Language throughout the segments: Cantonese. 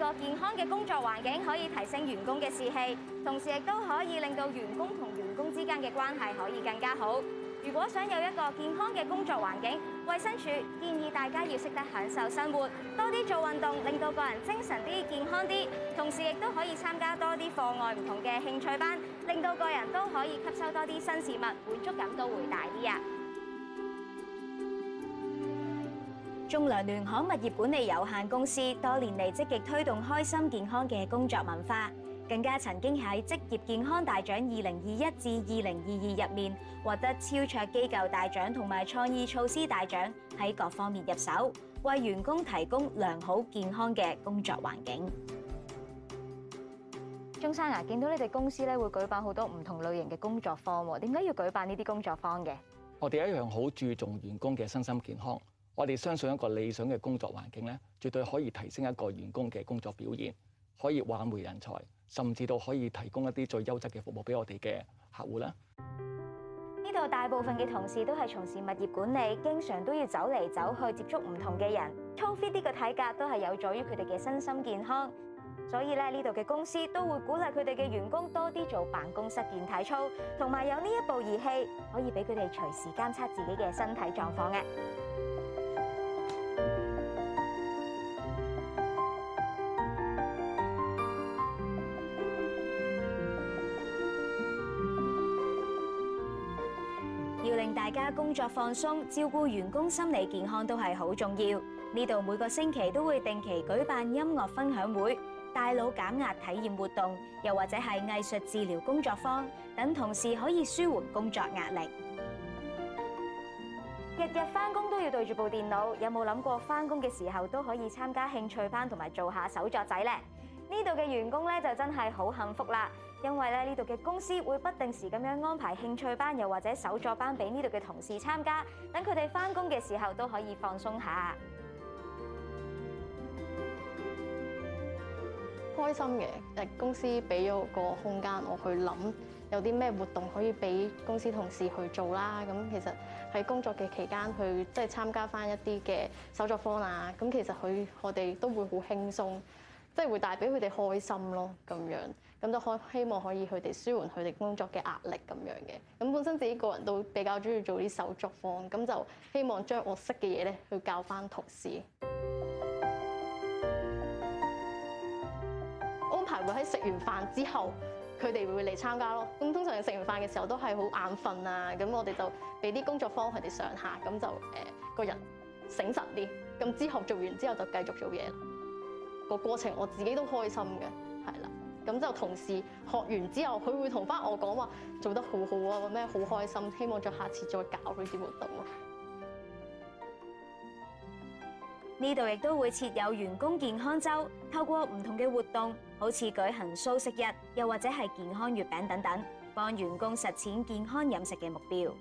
一個健康嘅工作環境可以提升員工嘅士氣，同時亦都可以令到員工同員工之間嘅關係可以更加好。如果想有一個健康嘅工作環境，衛生署建議大家要識得享受生活，多啲做運動，令到個人精神啲、健康啲，同時亦都可以參加多啲課外唔同嘅興趣班，令到個人都可以吸收多啲新事物，滿足感都會大啲啊！仲量聯行物業管理有限公司多年嚟積極推動開心健康嘅工作文化，更加曾經喺職業健康大獎二零二一至二零二二入面獲得超卓機構大獎同埋創意措施大獎，喺各方面入手為員工提供良好健康嘅工作環境。鍾生啊，見到你哋公司咧會舉辦好多唔同類型嘅工作坊，點解要舉辦呢啲工作坊嘅？我哋一樣好注重員工嘅身心健康。我哋相信一個理想嘅工作環境咧，絕對可以提升一個員工嘅工作表現，可以挽回人才，甚至到可以提供一啲最優質嘅服務俾我哋嘅客戶咧。呢度大部分嘅同事都係從事物業管理，經常都要走嚟走去，接觸唔同嘅人，操 fit 啲嘅體格都係有助於佢哋嘅身心健康。所以咧，呢度嘅公司都會鼓勵佢哋嘅員工多啲做辦公室健體操，同埋有呢一部儀器可以俾佢哋隨時監測自己嘅身體狀況嘅。大家工作放鬆、照顧員工心理健康都係好重要。呢度每個星期都會定期舉辦音樂分享會、大腦減壓體驗活動，又或者係藝術治療工作坊，等同事可以舒緩工作壓力。日日翻工都要對住部電腦，有冇諗過翻工嘅時候都可以參加興趣班同埋做下手作仔呢？呢度嘅員工咧就真係好幸福啦！因為咧呢度嘅公司會不定時咁樣安排興趣班又或者手作班俾呢度嘅同事參加，等佢哋翻工嘅時候都可以放鬆下，開心嘅。誒，公司俾咗個空間我去諗有啲咩活動可以俾公司同事去做啦。咁其實喺工作嘅期間去即係參加翻一啲嘅手作坊啊，咁其實佢我哋都會好輕鬆。即係會帶俾佢哋開心咯，咁樣咁就可希望可以佢哋舒緩佢哋工作嘅壓力咁樣嘅。咁本身自己個人都比較鍾意做啲手作坊，咁就希望將我識嘅嘢呢去教返同事。 安排會喺食完飯之後，佢哋會嚟參加咯。咁通常食完飯嘅時候都係好眼瞓啊，咁我哋就俾啲工作坊佢哋上下，咁就誒、呃、個人醒神啲。咁之後做完之後就繼續做嘢。個過程我自己都開心嘅，係啦。咁就同事學完之後，佢會同翻我講話做得好好啊，咩好開心，希望再下次再搞佢啲活動。呢度亦都會設有員工健康週，透過唔同嘅活動，好似舉行素食日，又或者係健康月餅等等，幫員工實踐健康飲食嘅目標。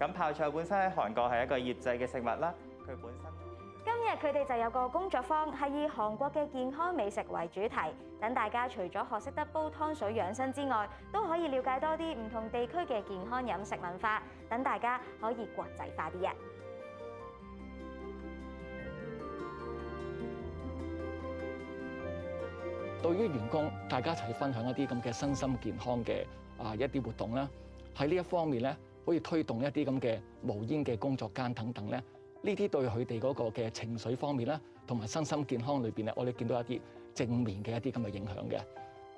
咁泡菜本身喺韓國係一個醃製嘅食物啦，佢本身。今日佢哋就有個工作坊，係以韓國嘅健康美食為主題。等大家除咗學識得煲湯水養生之外，都可以了解多啲唔同地區嘅健康飲食文化。等大家可以國際化啲呀。對於員工，大家一齊分享一啲咁嘅身心健康嘅啊一啲活動啦。喺呢一方面咧，可以推動一啲咁嘅無煙嘅工作間等等咧。呢啲對佢哋嗰個嘅情緒方面咧，同埋身心健康裏邊咧，我哋見到一啲正面嘅一啲咁嘅影響嘅。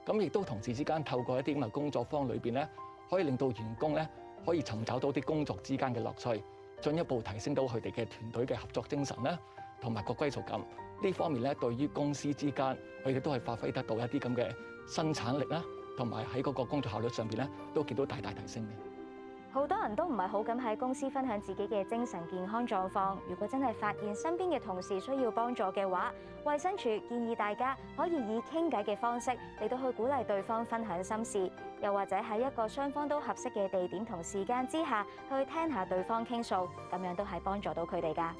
咁亦都同事之間透過一啲咁嘅工作坊裏邊咧，可以令到員工咧可以尋找到啲工作之間嘅樂趣，進一步提升到佢哋嘅團隊嘅合作精神咧，同埋個歸屬感。呢方面咧，對於公司之間，佢哋都係發揮得到一啲咁嘅生產力啦，同埋喺嗰個工作效率上邊咧，都見到大大提升嘅。好多人都唔係好敢喺公司分享自己嘅精神健康狀況。如果真係發現身邊嘅同事需要幫助嘅話，衛生署建議大家可以以傾偈嘅方式嚟到去鼓勵對方分享心事，又或者喺一個雙方都合適嘅地點同時間之下去聽下對方傾訴，咁樣都係幫助到佢哋㗎。